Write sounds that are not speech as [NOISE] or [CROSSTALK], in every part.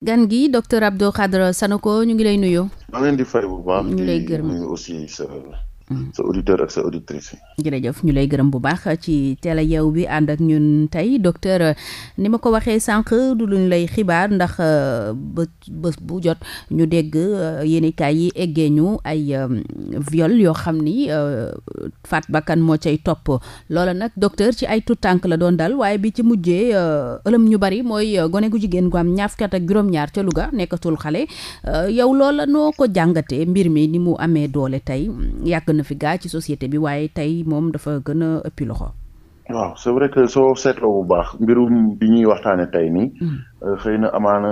gan gi docteur Abdou sana ko ñu ngi lay nuyu. maa leen di fay bu baax. ñu lay gërëm aussi sa Mm-hmm. sa auditeur ak sa auditrice yi. jërëjëf ñu lay gërëm bu baax ci teel a yeew bi ànd ak ñun tey docteur ni ma ko waxee sànq du luñ lay xibaar ndax euh, ba bés bu jot ñu dégg euh, yéenekaay yi eggee ñu ay euh, viol yoo xam ni faat bakkan moo cay topp loola nag docteur ci ay tout tànk la doon dal waaye bi ci mujjee ëlëm ñu bari mooy gone gu jigéen gu am ñaafkat fukki ak juróom-ñaar ca Louga nekkatul xale yow loola noo ko jàngatee mbir mi ni mu amee doole tey na fi gaa ci société bi waaye tey moom dafa gën a ëppi loxo. waaw c'est vrai que soo seetoo bu baax mbirum bi ñuy waxtaanee tey nii. Mm. xëy na amaana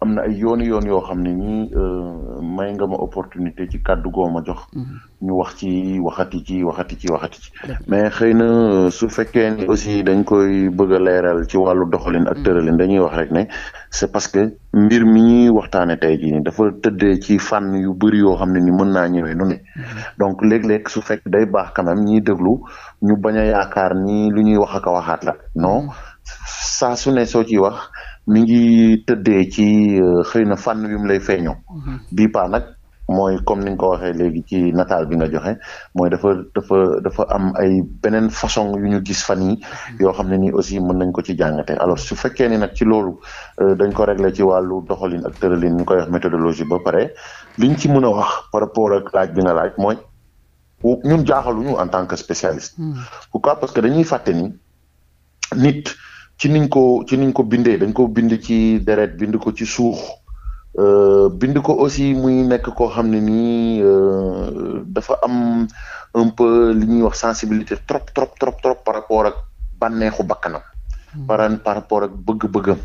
am na ay yooni yoon yoo xam ne nii euh, may nga ma opportunité ci kàddu goom a jox. Mm-hmm. ñu wax ci waxati ci waxati ci waxati ci. mais xëy na euh, su fekkee ni aussi dañ koy bëgg a leeral ci wàllu doxalin ak mm-hmm. tëralin dañuy wax rek ne c'est parce que mbir mi ñuy waxtaanee tey jii dafa tëddee ci fànn yu bëri yoo xam ne ni mën naa ñëwee nu ne. Mm-hmm. donc léeg-léeg su fekk day baax quand même ñiy déglu ñu bañ a yaakaar ni lu ñuy wax ak a waxaat la non saa su ne soo ciy wax. mi ngi tëddee ci euh, xëy na fànn yu mu lay feeñoo. Mhm. bii paa nag mooy comme ni nga ko waxee léegi ci nataal bi nga joxe mooy dafa dafa dafa am ay beneen façon yu ñu gis fan yi mhm. yoo xam ne nii aussi mën nañ ko ci jàngate alors su fekkee ni nag ci loolu euh, dañ ko régler ci wàllu doxalin ak tëralin ñu koy wax méthodologie ba pare liñ ci mën a wax par rapport ak laaj bi nga laaj mooy ñun jaaxaluñu en tant que spécialiste. Mhm. pourquoi parce que dañuy fàtte ni nit. ci niñ ko ci niñ ko bindee dañ ko bind ci deret bind ko ci suux euh, bind ko aussi muy nekk koo xam ne nii euh, dafa am un peu li ñuy wax sensibilité trop trop trop trop par rapport ak bànneexu bakkanam hmm. par par rapport ak bëgg-bëggam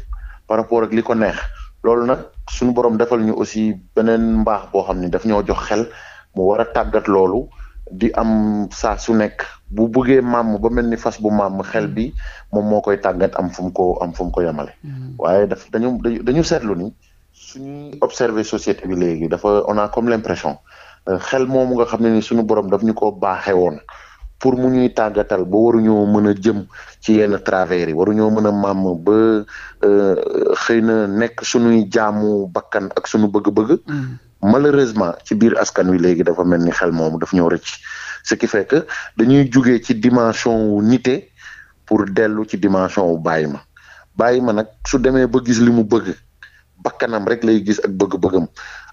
par rapport ak li ko neex loolu nag suñu borom defal ñu aussi beneen mbaax boo xam ne daf ñoo jox xel mu war a tàggat loolu di am saa su nekk bu bëggee màmm ba mel ni fas bu màmm xel bi moom moo koy tàggat am fu mu ko am fu ko yemale. Mm-hmm. waaye daf dañu dañu seetlu ni suñuy observer société bi léegi dafa on comme l'impression euh, xel moomu nga xam ne ni suñu borom daf ñu ko baaxee woon. pour mu ñuy tàggatal ba waruñoo mën a jëm ci yenn travers yi waruñoo mën a màmm ba euh, xëy na nekk suñuy jaamu bakkan ak suñu bëgg-bëgg. Mm-hmm. malheureusement ci biir askan wi léegi dafa mel ni xel moomu daf ñoo rëcc ce qui fait dañuy jugee ci dimension wu nite pour dellu ci dimension wu bàyyi ma bàyyi ma nag su demee ba gis li mu bëgg bakkanam rek lay gis ak bëgg-bëggam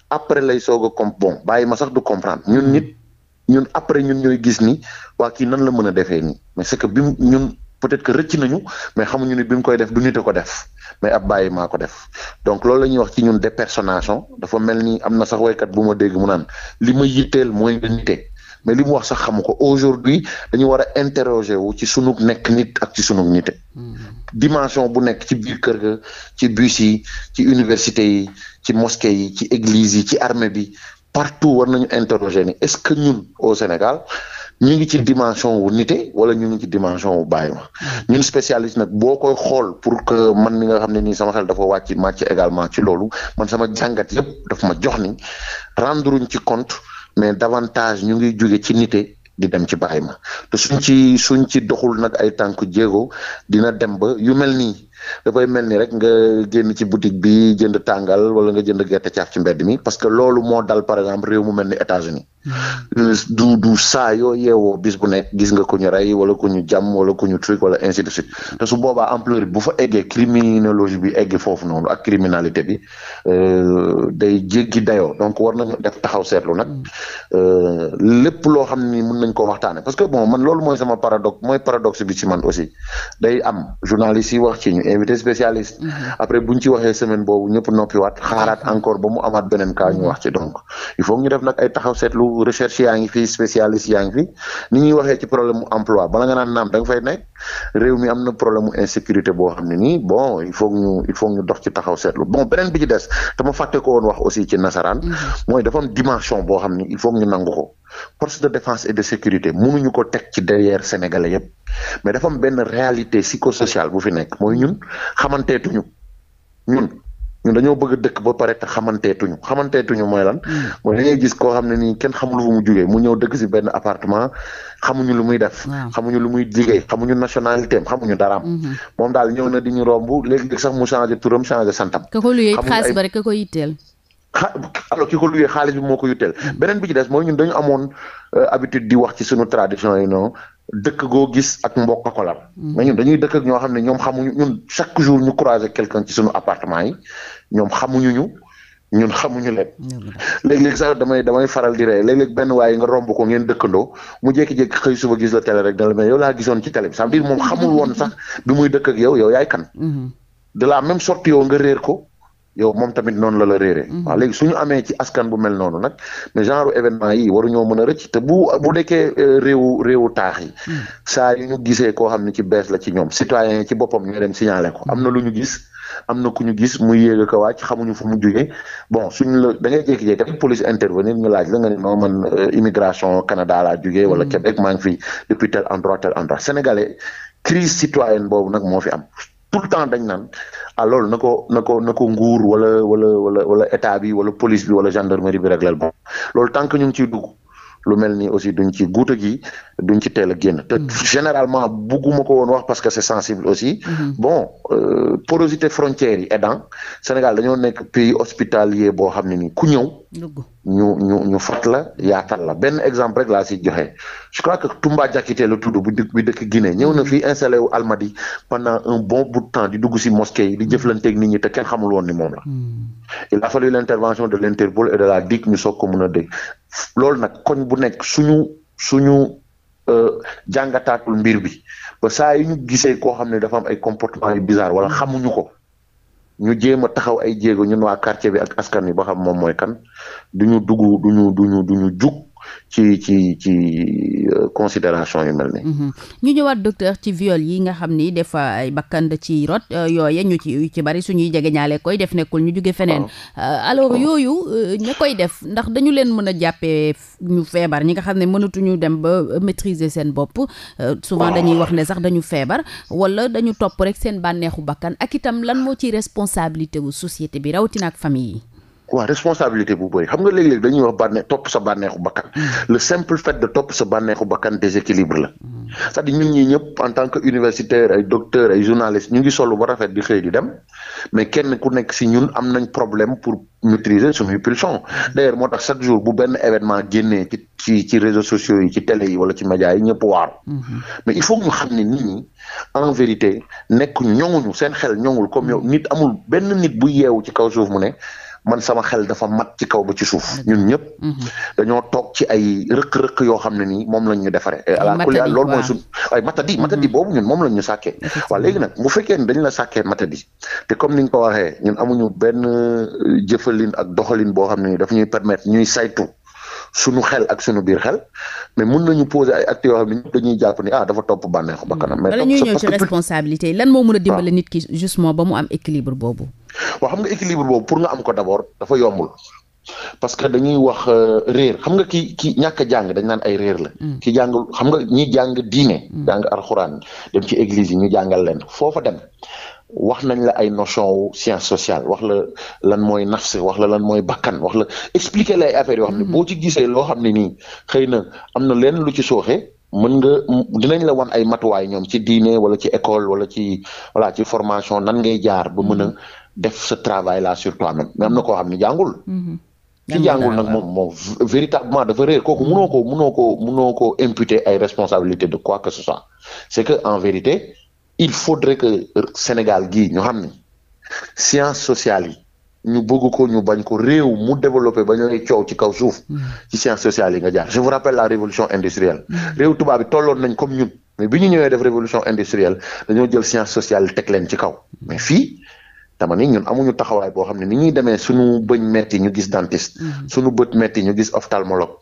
après lay soog a comp bàyyi ma sax du comprendre ñun nit ñun après ñun ñooy gis ni waa kii nan la mën a defee nii mais c'est que bi ñun peut-être que rëcc nañu mais xamuñu ni bi mu koy def du nite ko def mais ab bàyyi maa ko def donc loolu la ñuy wax ci ñun dépersonnation dafa mel ni am na sax waykat bu ma dégg mu naan li ma yitteel mooy nga nite mais li mu wax sax xamu ko aujourd'hui dañu war a interroger wu ci sunu nekk nit ak ci sunu nite mm-hmm. dimension bu nekk ci biir kër ga ci bus yi ci université yi ci mosquée yi ci église yi ci armée bi partout war nañu interroger ni est-ce que ñun au Sénégal ñu ngi ci dimension wu nite wala ñu ngi ci dimension wu baay ma ñun spécialiste nag boo koy xool pour que man mi nga xam ne nii sama xel dafa wàcc màcc également ci loolu man sama jàngat yëpp daf ma jox ni rendruñ ci compte mais davantage ñu ngi jóge ci nite di dem ci bàyyi ma te ci suñ ci doxul nag ay tànk jéego dina dem ba yu mel nii dafay mel ni rek nga génn ci boutique bi jënd tàngal wala nga jënd gerte caaf ci mbedd mi parce que loolu moo dal par exemple rew mu mel ni États-Unis du du saa yoo yeewoo bis bu nekk gis nga ko ñu rey wala ko ñu jàmm wala ko ñu wala ainsi de suite te su boobaa ampleur bi bu fa eggee criminologie bi egg foofu noonu ak criminalité bi euh, day jéggi dayoo donc war nañu def taxaw seetlu nag euh, lépp loo xam ni mun nañ koo waxtaane parce que bon man loolu mooy sama paradoxe mooy paradoxe bi ci man aussi day am journaliste yi wax ci ñu invité spécialiste mm-hmm. après buñ ci waxee semaine boobu ñëpp noppiwaat xaaraat encore ba mu amaat beneen cas ñu wax ci donc taxaw seetlu recherche yaa ngi fi spécialiste yaa ngi fi ni ñuy waxee ci problème mu emploi bala nga naan naam da nga fay nekk réew mi am na problème mu insécurité boo xam ne nii bon il faut ñu il faut dox ci taxaw seetlu bon beneen bi ci des te ma fàtte ko woon wax aussi ci nasaraan. Mm-hmm. mooy dafa am dimension boo xam ne il faut ñu nangu ko. force de défense et de sécurité mënuñu ko teg ci derrière sénégalais yëpp mais dafa am benn réalité psychosociale bu fi nekk mooy ñun xamanteetuñu ñun. ñun dañoo bëgg dëkk ba pare te xamanteetuñu xamanteetuñu mooy lan. Hmm. mooy da ngay gis koo xam ne nii kenn xamul fu mu jugee mu ñëw dëkk si benn appartement xamuñu lu muy def. xamuñu lu muy jigee xamuñu nationalité am xamuñu daraam. Hmm. moom daal ñëw na di ñu romb léeg-léeg sax mu changé turam changé santam. ka ko luyee xaalis ba rek ko yitteel. xa alors ki ko luyee xaalis bi moo ko yitteel hmm. beneen bi ci des mooy ñun dañu amoon euh, habitude di wax ci suñu tradition yi noonu dëkk goo gis ak mbokk ko lal mm-hmm. mais dañuy dëkk ñoo xam ne ñoom xamuñu ñun chaque jour ñu croiser quelqu'un ci suñu appartement yi ñoom xamuñu ñu ñun xamuñu leen mm-hmm. léeg-léeg sax damay damay faral di ree léeg-léeg benn waaye nga romb ko ngeen dëkkandoo mu jékki-jékki xëy suba gis la télé rek dana la mais yow laa gisoon ci télé bi ça veut moom xamul woon sax bi muy dëkk ak yow yow yaay kan mm-hmm. de la même nga réer ko yow moom tamit noonu la la réeree. Mhm. waaw léegi su ñu amee ci askan bu mel noonu nag mais genre événement yi waruñoo mën a rëcc te bu bu nekkee euh, réewu réewu taax yi. Mhm. saa yu ñu gisee koo xam ne ci bees la ci ñoom citoyen yi ci boppam ñoo dem signalé ko am na lu ñu gis. am na ku ñu gis mu yéeg ak wàcc xamuñu fu mu jugee bon suñu la da ngay jékki-jékki tamit police intervenir ñu laaj la nga ne non man euh, immigration Canada laa jógee wala mhm. Québec maa ngi fi depuis tel endroit tel endroit sénégalais crise citoyenne boobu nag moo fi am tout dañ naan ah loolu na ko na ko na ko nguur wala wala wala wala état bi wala police bi wala gendarmerie bi réglal bo loolu tant que ñu ngi ciy dugg lu mel ni aussi duñ ci guuta gi duñ ci teel a génn te mm-hmm. généralement bugguma ko woon wax parce que c'est sensible aussi mm-hmm. bon euh, porosité frontière yi aidant Sénégal dañoo nekk pays hospitalier boo xam ne nii ku ñëw ñu ñu ñu fat la yaatal la benn exemple rek laa si joxe je crois que Toumba Diakité la tudd bu dëkk bi dëkk Guinée ñëw na mm-hmm. fii installé wu Almadi pendant un bon bout de temps di dugg si mosquée yi di jëflanteeg nit ñi te kenn xamul woon ni moom la il a fallu l'intervention de l'Interpol et de ñu soog ko mën a dégg loolu nag koñ bu nekk suñu suñu euh, jàngataatul mbir bi ba saa yu ñu gisee koo xam ne dafa am ay comportement yu bizarre wala xamuñu ko ñu jéem a taxaw ay jéego ñun waa quartier bi ak askan wi ba xam moom mooy kan duñu dugg duñu duñu duñu jug ci ci ci euh, considération yu mel nii. Mm-hmm. ñu ñëwaat docteur ci viol yi nga xam ni des fois ay bakkan da ci rot euh, yooye ñu ci ci bari suñuy jege ñaale koy def nekkul ñu jóge feneen. Euh, alors yooyu ña koy def ndax dañu leen mën a jàppee ñu feebar ñi nga xam ne mënatuñu dem ba maîtriser seen bopp. souvent dañuy wax ne sax dañu feebar wala dañu topp rek seen bànneexu bakkan ak itam lan moo ci responsabilité wu société bi rawatina ak famille yi. waa responsabilité bu bëri xam nga léeg-léeg dañuy wax bànne topp sa bànneexu bakkan le simple fait de topp sa bànneexu bakkan déséquilibre la c'est-à-dire ñun ñi ñëpp en tant que universitaire ay docteur ay journaliste ñu ngi solo ba rafet di xëy di dem mais kenn ku nekk si ñun am nañ problème pour maîtriser suñuy pulsion d'ailleurs moo tax chaque jour bu benn événement génnee ci ci ci réseaux sociaux yi ci télé yi wala ci médias yi ñëpp waaru mm-hmm. mais il faut ñu xam ne en vérité nekk ñoŋuñu seen xel ñoŋul comme yow nit amul benn nit bu yeewu ci kaw suuf mu ne man sama xel dafa mat ci kaw ba ci suuf ñun ñëpp mhm. dañoo toog ci ay rëq-rëq yoo xam ne nii moom lañ ñu defaree alaakulli loolu mooy suñ ay mhm. matadi boobu ñun moom lañ ñu sàkkee waaw léegi nag bu fekkee ne dañ la sàkkee matadi te comme ni nga ko waxee ñun amuñu benn euh, jëfalin ak doxalin boo xam ne nii daf ñuy permettre ñuy saytu suñu xel ak suñu biir xel mais mun nañu poser ay actes yoo xam ne dañuy jàpp ni ah dafa topp bànneexu bakkanam mais bala ñuy ñëw ci responsabilité lan moo mën a dimbale nit boobu waaw xam nga équilibre boobu pour nga am ko d'abord dafa yombul parce que dañuy wax euh, réer xam nga ki ki ñàkk a jàng dañ naan ay réer la. Mm. ki jàng xam nga ñi jàng diine. Mm. jàng alxuraan dem ci église yi ñu jàngal leen foofa dem. wax nañ la ay notion wu science sociale wax la lan mooy nafs wax la lan mooy bakkan wax la expliquer lay affaire yoo xam ne mm-hmm. boo ci gisee loo xam ne nii xëy na am na leen lu ci sooxe mën nga dinañ la wan ay matuwaay ñoom ci diine wala ci école wala ci voilà ci formation nan ngay jaar ba mën a mm-hmm. def ce travail là sur toi-même am na koo xam ne jàngul. Mm-hmm. ki jàngul nag moom moom véritablement dafa réer kooku mënoo mm-hmm. ko mënoo ko mënoo ko imputer ay responsabilités de quoi que ce soit c'est que en vérité il faudrait que Sénégal gii ñu xam ne sciences sociale yi ñu bëgg ko ñu bañ ko réew mu développé ba ñooy coow ci kaw suuf mm-hmm. ci sciences sociales yi nga jaar je vous rappelle la révolution industrielle réew tubaab bi tolloon nañ comme ñun mais bi ñu ñëwee def révolution industrielle dañoo jël sciences sociales teg leen ci kaw dama ni ñun amuñu taxawaay boo xam ne ni ñuy demee suñu bëñ metti ñu gis dentiste. Mm-hmm. suñu bët metti ñu gis ophtalmologue.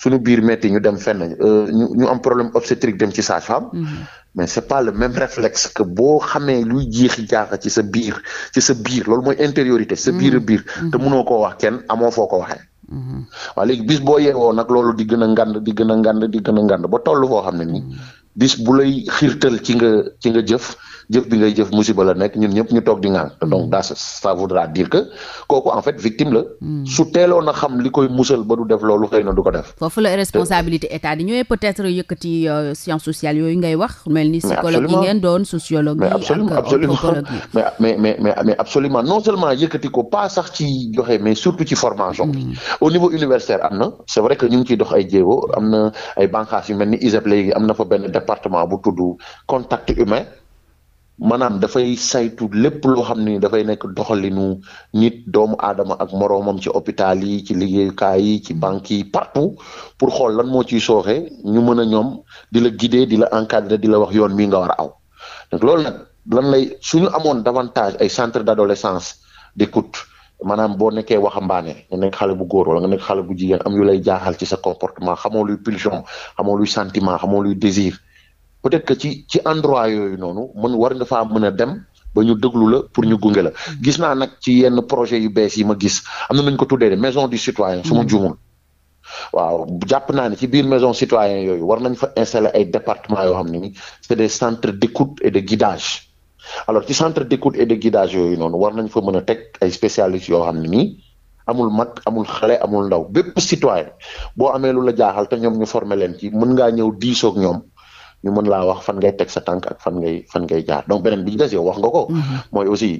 suñu biir metti ñu dem fenn euh, ñu ñu am problème obstétrique dem ci sage-femme. Mm-hmm. mais c'est pas le même réflexe boo xamee luy jiixi jaaxa ci sa biir ci sa biir loolu mooy intériorité. sa biir mm-hmm. biir. te mënoo koo wax kenn amoo foo ko waxee. waa léegi bis boo yeewoo nag loolu di gën a ngand di gën a ngand di gën a ngand ba toll foo xam ne nii bis bu lay xiirtal ci nga ci nga jëf. jëf bi ngay jëf musiba la nekk ñun ñëpp ñu toog di ngaan mm. donc daa ça voudra dire que kooku en fait victime la. Mm. su teeloon a xam li koy musal ba du def loolu xëy na du ko def. foofu la responsabilité état di ñëwee peut yëkkati euh, sciences sociales yooyu ngay wax. mel ni psychologue yi ngeen doon sociologue yi ak anthropologue yi [LAUGHS] mais mais mais absolument non seulement yëkkati ko pas sax ci joxe mais surtout ci formation bi. Mm. au niveau universitaire am na c'est vrai que ñu ngi ciy dox ay jéego am na ay bànqaas yu ni ISEP léegi am na fa benn département bu tudd contact maanaam dafay saytu lépp loo xam ni dafay nekk doxalinu nit doomu aadama ak moroomam ci hôpital yi ci liggéeyukaay yi ci banques yi partout pour xool lan moo ciy sooxe ñu mën a ñoom di la guider di la encadrer di la wax yoon mii nga war a aw donc loolu nag lan lay suñu amoon davantage ay centre d'adolescence d'écoute maanaam boo nekkee waxambaane nga nekk xale bu góor wala nga nekk xale bu jigéen am yu lay jaaxal ci sa comportement xamoo luy pulsion xamoo luy sentiment xamoo luy désir peut-être que ci ci endroit yooyu noonu mën war nga faa mën a dem ba ñu déglu la pour ñu gunge la gis naa nag ci yenn projet yu bees yi ma gis am na nañ ko tuddee de maison du citoyen su ma hmm. juumul waaw jàpp naa ne ci biir maison citoyen yooyu war nañ fa installer ay département yoo xam ne ni c'est des centres d'écoute et de guidage alors ci centre d'écoute et de guidage yooyu noonu war nañ fa mën a teg ay spécialistes yoo xam ne nii amul mag amul xale amul ndaw bépp citoyen boo amee lu la jaaxal te ñoom ñu former leen ci mën ngaa ñëw diisoog ñoom ñu mën laa wax fan ngay teg sa tànk ak fan ngay fan ngay jaar donc beneen bi ci des wax nga ko. Mm-hmm. mooy aussi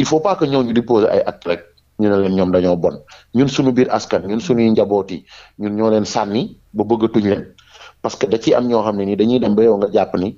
il faut pas que ñu di poser ay actes rek ñu ne leen ñoom dañoo bon ñun suñu biir askan ñun suñuy njaboot yi ñun ñoo leen sànni ba bëggatuñ leen parce que da ciy am ñoo xam ne nii dañuy dem ba yow nga jàpp ni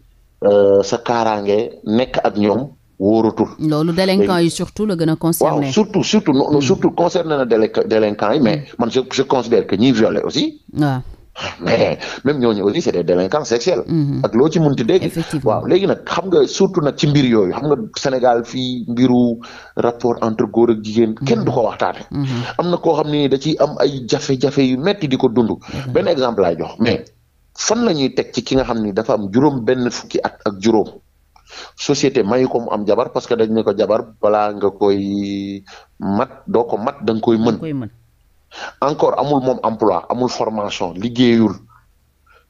euh, sa kaaraange nekk ak ñoom. wóorutul loolu délinquants yi surtout la gën a concerné. waaw surtout surtout non mm. surtout concerné na délinquants yi mais mm. man je je considère que ñiy aussi. waaw [LAUGHS] mais même ñooñu aussi c'est des délinquants sexuels. Mm-hmm. ak loo ci munti dégg. waaw léegi nag xam nga surtout nag ci mbir yooyu xam nga Sénégal fii mbiru rapport entre góor ak jigéen kenn mm-hmm. du ko waxtaane mm-hmm. am na koo xam ni da am ay jafe-jafe yu metti di ko dund. benn exemple laay jox mais fan la ñuy teg ci ki nga xam ni dafa am juróom benn fukki at ak juróom. société mayu ko mu am jabar parce que dañ ne ko jabar balaa nga koy mat doo ko mat da nga koy mën. encore amul moom emploi amul formation liggéeyul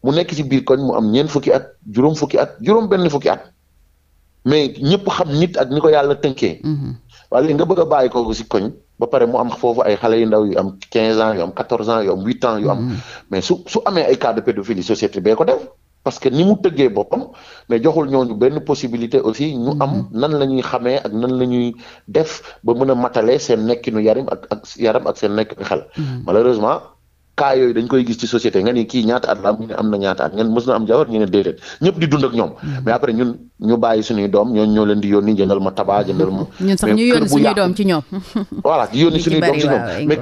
mu nekk ci biir koñ mu am ñeen fukki at juróom fukki at juróom benn fukki at mais ñëpp xam nit ak ni ko yàlla tënkee. Mhm. wala nga bëgg a bàyyi ko ci koñ. ba pare mu am foofu ay xale yu ndaw yu am 15 ans yu am 14 ans yu am 8 ans yu am. Mhm. mais su su amee ay cas de pédophilie société bee ko def. parce que ni mu tëggee boppam mais joxul ñooñu benn possibilité aussi ñu am mm-hmm. nan la ñuy xamee ak nan la ñuy def ba mun a matalee seen nekkinu yarim ak ak yaram ak seen nekkinu xel. Mm-hmm. malheureusement cas yooyu dañ koy gis ci société nga ni kii ñaata at la am ne am na ñaata at ngeen mës na am jawar ñu ne déedéet ñëpp di dund ak ñoom. Mm-hmm. mais après ñu bàyyi suñuy doom ñooñu ñoo leen di yónni jëndal ma tabac jëndal ma. ñun sax ñu yónni [LAUGHS] suñuy doom ci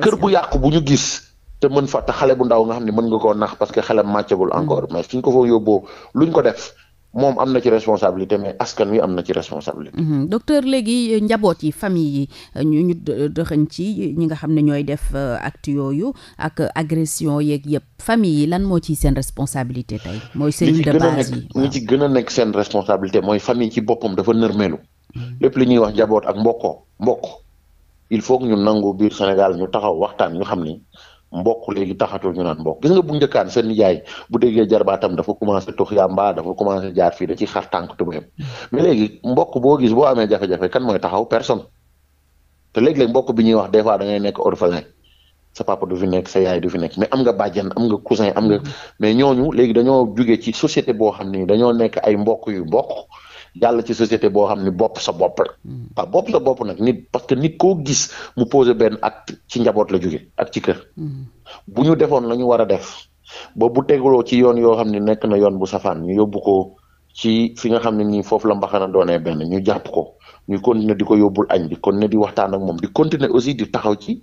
kër bu yàqu bu ñu gis. te mën fa te xale bu ndaw nga xam ne mën nga koo nax parce que xelam màccagul encore mm. mais suñ ko fa yóbboo luñ ko def moom am na ci responsabilité mais askan wi am na ci responsabilité. Mm-hmm. docteur léegi euh, njaboot yi famille yi euh, ñu ñu dëxëñ ci ñi nga xam ne ñooy def euh, acte ak agression yeeg yëpp famille yi lan moo ci seen responsabilité tey. mooy cellule de base ci gën a nekk seen responsabilité mooy famille ci boppam dafa nërmeelu. Mm-hmm. lépp li ñuy wax njaboot ak mbokkoo mbokk il faut que ñu nangu biir Sénégal ñu taxaw waxtaan ñu xam ni mbokk léegi taxatoo ñu naan mbokk gis nga bu njëkkaan seen yaay bu déggee jarbaatam dafa commencé tux yàmba dafa commencé jaar fii da ci xar tànk tubayam mais léegi mbokk boo gis boo amee jafe-jafe kan mooy taxaw personne te léeg-léeg mbokk bi ñuy wax des fois da ngay nekk orphelin sa papa du fi nekk sa yaay du fi nekk mais am nga bàjjen am nga cousin am nga mm-hmm. mais ñooñu léegi dañoo jugee ci société boo xam ni dañoo nekk ay mbokk yu mbokk yàlla ci société boo xam ne bopp sa bopp la hmm. waaw bopp sa bopp nag nit parce que nit koo gis mu posé benn acte ci njaboot la jóge ak ci kër hmm. bu ñu defoon la ñu war a def boobu bu tegaloo ci yoon yoo xam ne nekk na yoon bu safaan ñu yóbbu ko ci fi nga xam ne nii foofu la mbaxana doonee benn ñu jàpp ko ñu continuer di ko yóbbul añ di continuer di waxtaan ak moom di continuer aussi di taxaw ci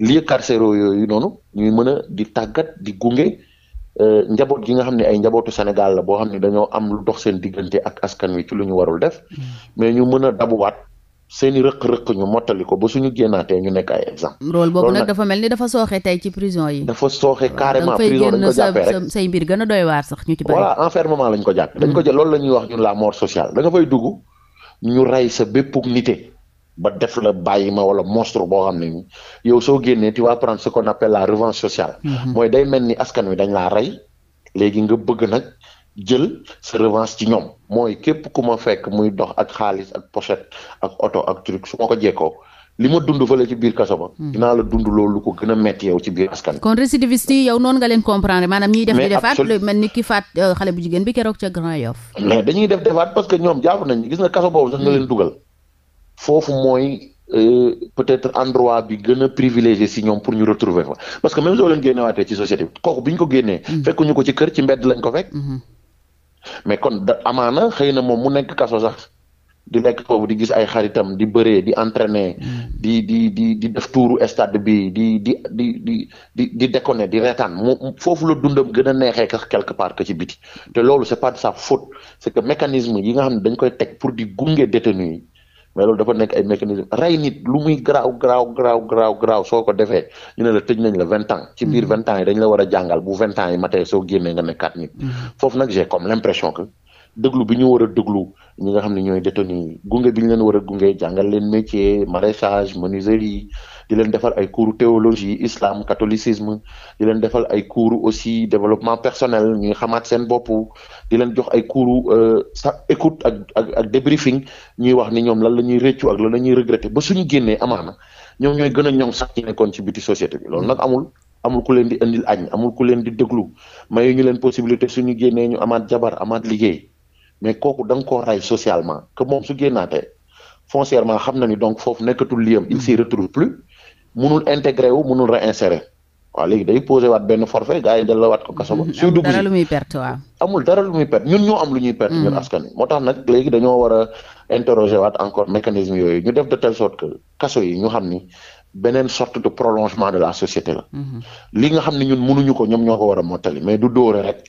lieux carcéraux yooyu noonu ñu mën a di tàggat di gunge Euh, njaboot gi nga xam ne ay njabootu Sénégal la boo xam ne dañoo am lu dox seen diggante ak askan wi ci lu ñu warul def. Mm. mais ñu mën a dabuwaat seen i rëq-rëq ñu mottali ko ba suñu génnaatee ñu nekk ay exemple. rôle boobu nag dafa mel ni dafa sooxe tey ci prison yi. dafa sooxe carrément prison dañ ko jàppee rek say mbir gën a doy waar sax ñu ci bari. voilà enfermement lañ ko jàppee. dañ ko mm. jël loolu la ñuy wax ñun la mort sociale da nga fay dugg ñu rey sa bépp nité. ba def la bàyyi ma wala monstre boo xam ne ni yow soo génnee tu vas prendre ce qu'on appelle la revanche sociale. Mm-hmm. mooy day mel ni askan wi dañ laa rey léegi nga bëgg nag jël sa revanche ci ñoom mooy képp ku fekk muy dox ak xaalis ak pochette ak oto ak truc su ma ko jekkoo li ma dund fële ci biir kaso ba. Mm-hmm. dinaa la dund loolu ko gën a metti yow ci biir askan kon récidiviste yi yow noonu nga leen comprendre maanaam ñiy def di defaat mel ni ki faat euh, xale bu jigéen mm-hmm. leen dugal. foofu mooy euh, peut-être endroit bi gën a privilégié si ñoom pour ñu retrouver fa parce que même soo leen génnewaatee ci société bi kooku bi ñu ko génnee. Mm-hmm. fekkuñu ko ci kër ci mbedd lañ ko fekk. Mm-hmm. mais kon da amaana xëy na moom mu nekk kaso sax di nekk kooku di gis ay xaritam di bëree di entraîner. Mm-hmm. di di di di def tuuru stade bi di di di di di di déconner di reetaan mu foofu la dundam gën a neexee quelque part que ci biti te loolu c'est pas de sa faute c'est que mécanisme yi nga xam ne dañ koy teg pour di gunge détenu yi. mais loolu dafa nekk ay mécanisme rey nit lu muy garaaw garaaw garaaw garaaw garaaw soo ko defee ñu ne la tëj nañ la vingt ans ci biir mm-hmm. vingt ans yi dañ la war a jàngal bu vingt ans yi matee soo génnee nga nekkaat nit mm-hmm. foofu nag j'ai comme l'impression que dëglu bi ñu war a dëglu ñi nga xam ne ñooy détenu gunge bi ñu leen war a gunge jàngal leen métier maraîchage menuiserie di leen defal ay cours théologie islam catholicisme di leen defal ay cours aussi développement personnel ñuy xamaat seen boppu di leen jox ay cours euh, sa écoute ak ak ak débriefing ñuy wax ni ñoom lan la ñuy réccu ak lan la ñuy regretter ba suñu génnee amaana ñoom ñooy gën a ñoŋ sax ñi nekkoon ci biti société bi loolu nag amul. amul ku leen di indil añ amul ku leen di déglu mayu ñu leen possibilité suñu génnee ñu amaat jabar amaat liggéey mais kooku da nga ray socialement que moom su génnaatee foncièrement xam na ni donc foofu nekkatul liyam il s'y retrouve plus munul intégré wu munul réinsérer waaw léegi day posé waat benn forfait gars yi dala waat ko kaso ba suy dugg dara lu muy perte waaw amul dara lu muy perte ñun ñoo am lu ñuy perte ñun mm. askan wi moo tax nag léegi dañoo war a interroger waat encore mécanisme yooyu ñu def de telle sorte que kaso yi ñu xam ni beneen sorte de prolongement de la société la mm-hmm. li nga xam ne ñun mënuñu ko ñoom ñoo ko war a mottali mais du dóore rek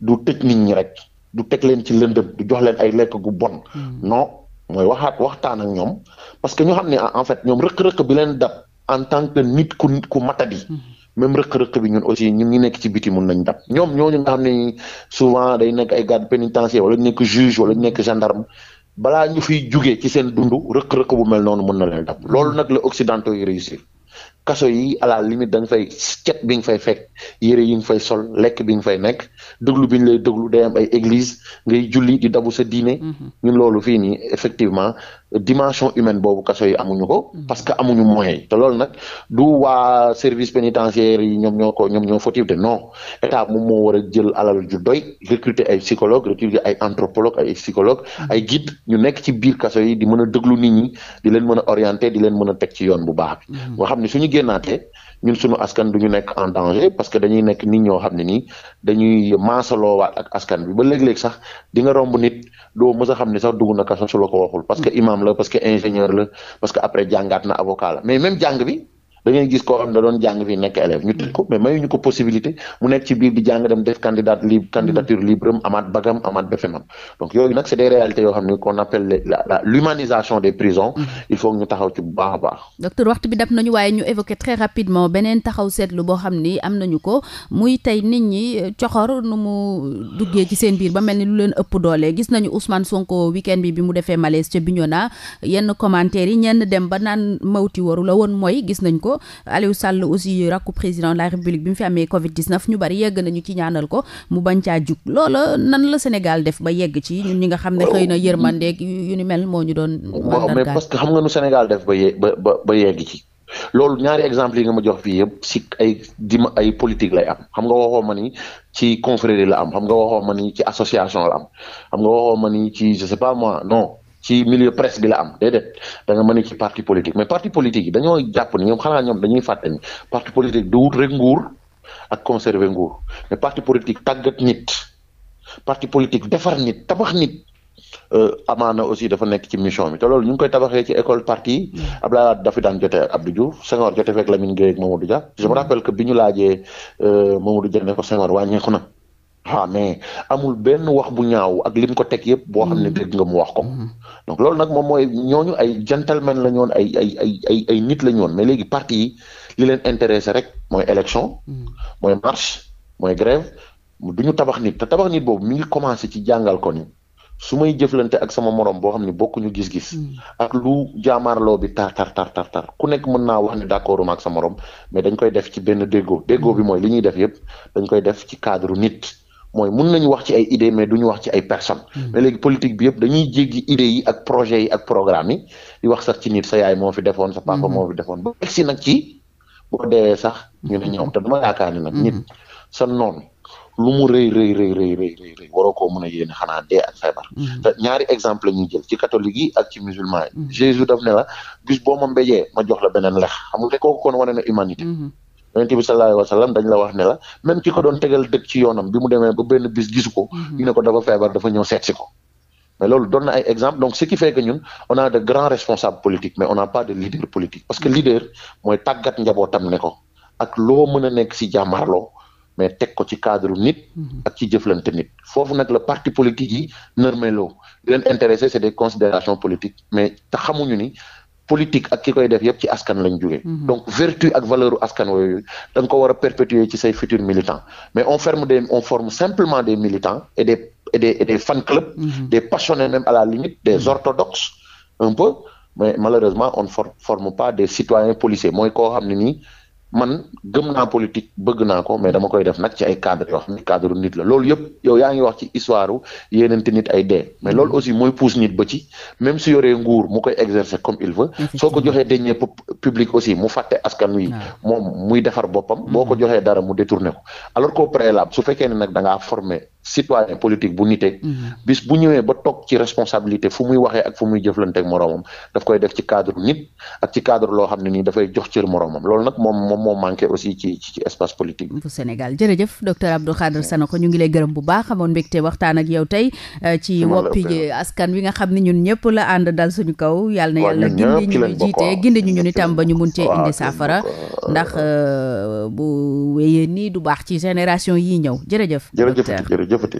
du tëj nit ñi rek du teg leen ci lëndëm du jox leen ay lekk gu bon. Hmm. non mooy waxaat waxtaan ak ñoom parce que ñu xam ne en fait ñoom rëq-rëq bi leen dab en tant que nit ku ku matadi. Hmm. même rëq-rëq bi ñun aussi ñun ñu nekk ci biti mun nañ dab ñoom ñooñu nga xam ne souvent day nekk ay garde pénitentiaire wala ñu nekk juge wala ñu nekk gendarme balaa ñu fiy jugee ci seen dundu rëq-rëq bu mel noonu mun na leen dab loolu nag la occidentaux yi réussir kaso yi à la limite fay cet bi nga fay fekk yëre yi nga fay sol lekk bi nga fay nekk. déglu bi ñu lay déglu day am ay église ngay julli di dabu sa diine. Mhm. ñun loolu fii nii effectivement dimension humaine boobu kaso yi amuñu ko. Mhm. parce que amuñu moyens yi te loolu nag du waa service pénitentiaire yi ñoom ñoo ko ñoom ñoo fautif de non état moom moo war a jël alal ju doy recruter ay psychologue recruter ay anthropologue ay psychologue mhm. ay guide ñu nekk ci biir kaso yi di mën a déglu nit ñi di leen mën a orienter di leen mën a teg ci yoon bu baax bi. nga xam ne suñu génnaatee. ñun suñu askan du ñu nekk en danger parce que dañuy nekk nit ñoo xam ne nii dañuy maasaloowaat ak askan bi ba léeg-léeg sax di nga romb nit doo mës a xam ne sax dugg na sa su la ko waxul parce que imam la parce que ingénieur la parce que après jàngat na avocat la mais même jàng bi da ngay gis koo xam ne doon jàng fii nekk élève ñu tëj ko mais mayuñu ko possibilité mu nekk ci biir di jàng dem def candidat libre candidature mm-hmm. waxtu bi dab nañu waaye ñu évoqué très rapidement beneen taxaw seetlu boo xam ni am nañu ko muy tey nit ñi euh, coxor nu mu duggee ci seen biir ba mel ni lu leen ëpp doole gis nañu Ousmane Sonko weekend bi bi mu defee malaise ca Bignona yenn commentaires yi ñenn dem ba naan mawti waru la woon mooy gis nañ ko ko Aliou Sall aussi rakku président de République bi mu fi amee Covid 19 ñu bari yegg nañu ci ñaanal ko mu bañ caa jug loola nan la Sénégal def ba yegg ci ñi nga xam ne xëy na yërmandeeg yu ni mel moo ñu doon. waaw mais parce que xam nga nu Sénégal def ba ye ba ba yegg loolu ñaari exemple yi nga ma jox fii yëpp si ay dima ay politique lay am xam nga waxoo ma ni ci confrérie la am xam nga waxoo ma ni ci association la am xam nga waxoo ma ni ci je sais pas moi ci milieu presse bi la am déedéet da nga mën a ci parti politique mais parti politique yi dañoo jàpp ni ñoom xanaa ñoom dañuy fàtte ni parti politique du wut rek nguur ak conserver nguur mais parti politique tàggat nit parti politique defar nit tabax nit euh, amaana aussi dafa nekk ci mission bi te loolu ñu ngi koy tabaxee ci école parti yi mm. Abdoulaye Wade dafi daan jotee ak Abdou Diouf Senghor jotee fekk Lamine Gueye ak Mamadou Dia je me mm. rappelle bi ñu laajee euh, Mamadou Dia ne ko Senghor wàññeeku na ah mais amul benn wax bu ñaaw ak lim ko teg yëpp boo xam ne mm-hmm. dégg nga mu wax ko mm-hmm. donc loolu nag moom mooy ñooñu ay gentleman la ñoon ay ay ay ay ay nit la ñoon mais léegi parti yi li leen intéressé rek mooy élection mm-hmm. mooy marche mooy grève du ñu tabax nit te tabax nit boobu mi ngi commencé ci jàngal ko ni su may jëflante ak sama morom boo xam ne bokkuñu gis-gis ak lu jaamaarloo bi tar tar tar tar ku nekk mën naa wax ne d'accorduma ak sa morom mais dañ koy def ci benn déggoo déggoo bi mooy li ñuy def yëpp dañ koy def ci cadre nit mooy mun nañu wax ci ay idées mais duñu wax ci ay personnes. Hmm. mais léegi politique bi yëpp dañuy jéggi idées yi ak projets yi ak programme yi di wax sax ci nit sa yaay moo fi defoon sa papa hmm. moo fi defoon ba egsi nag ci boo deewee sax ñu ne ñoom te dama yaakaar ni nag hmm. nit sa noonu lu mu rëy rëy rëy rëy koo mën a yéene xanaa te ñaari exemple la ñuy jël ci catholique yi ak ci musulman yi. Jésus daf ne la bis boo ma mbéjee ma jox la beneen lex xam nga kooku kon wane na humanité. yonent bi sallallahu alayhi wa sallam dañ la wax ne la même ki ko doon tegal dëkk ci yoonam bi mu demee ba benn bis gisu ko mhm. ñu ne ko dafa feebar dafa ñëw seet si ko mais loolu doon na ay exemple donc ce qui fait que ñun on a de grands responsables politiques mais on pas de leader politique parce que mhm. leader mooy tàggat njabootam ne ak loo mën a nekk si jàmmaarloo mais teg ko ci cadre nit mhm. ak ci jëflante nit foofu nag la parti politique yi nërmeloo leen intéressé c'est des considérations politiques mais te xamuñu ni politique ak ki koy def yëpp ci askan lañ jógee mhm. donc vertu ak valeur u askan wooyu da ko war a perpétuer ci say futurs militants mais on forme des on forme simplement des militants et des et des et des fan clubs mhm. des passionnés même à la limite des mhm. orthodoxes un peu mais malheureusement on ne forme pas des citoyens policiers mooy koo xam ne nii man gëm naa politique bëgg naa ko mais dama koy def nag ci ay cadre yoo xam ne cadre nit la loolu yëpp yow yaa ngi wax ci histoire u yéenante ay dee mais loolu aussi mooy pousse nit ba ci même su yore nguur mu koy exercer comme il veut soo ko joxee deniers publics aussi mu fàtte askan wi ah. moom muy defar boppam boo ko mm-hmm. joxee dara mu détourné ko alors qu'au préalable su fekkee ne nag danga ngaa former citoyen politique bu nite. Mhm. bis bu ñëwee ba toog ci responsabilité fu muy waxee ak fu muy jëflanteeg moroomam daf koy def ci cadre nit ak ci cadre loo xam ne nii dafay jox cër moroomam loolu nag moom moom moo manqué aussi ci ci espace politique bu Sénégal jërëjëf docteur Abdou Khadre ko ñu ngi lay gërëm bu baax amoon mbégte waxtaan ak yow tey euh, ci woppi askan wi nga xam ne ñun ñëpp la ànd dal suñu kaw yàlla na yàlla gindi ñu jiite gindi ñu ñun itam ba ñu mun cee indi saafara ndax euh, bu wéyee nii du baax ci génération yii ñëw jërëjëf jëfati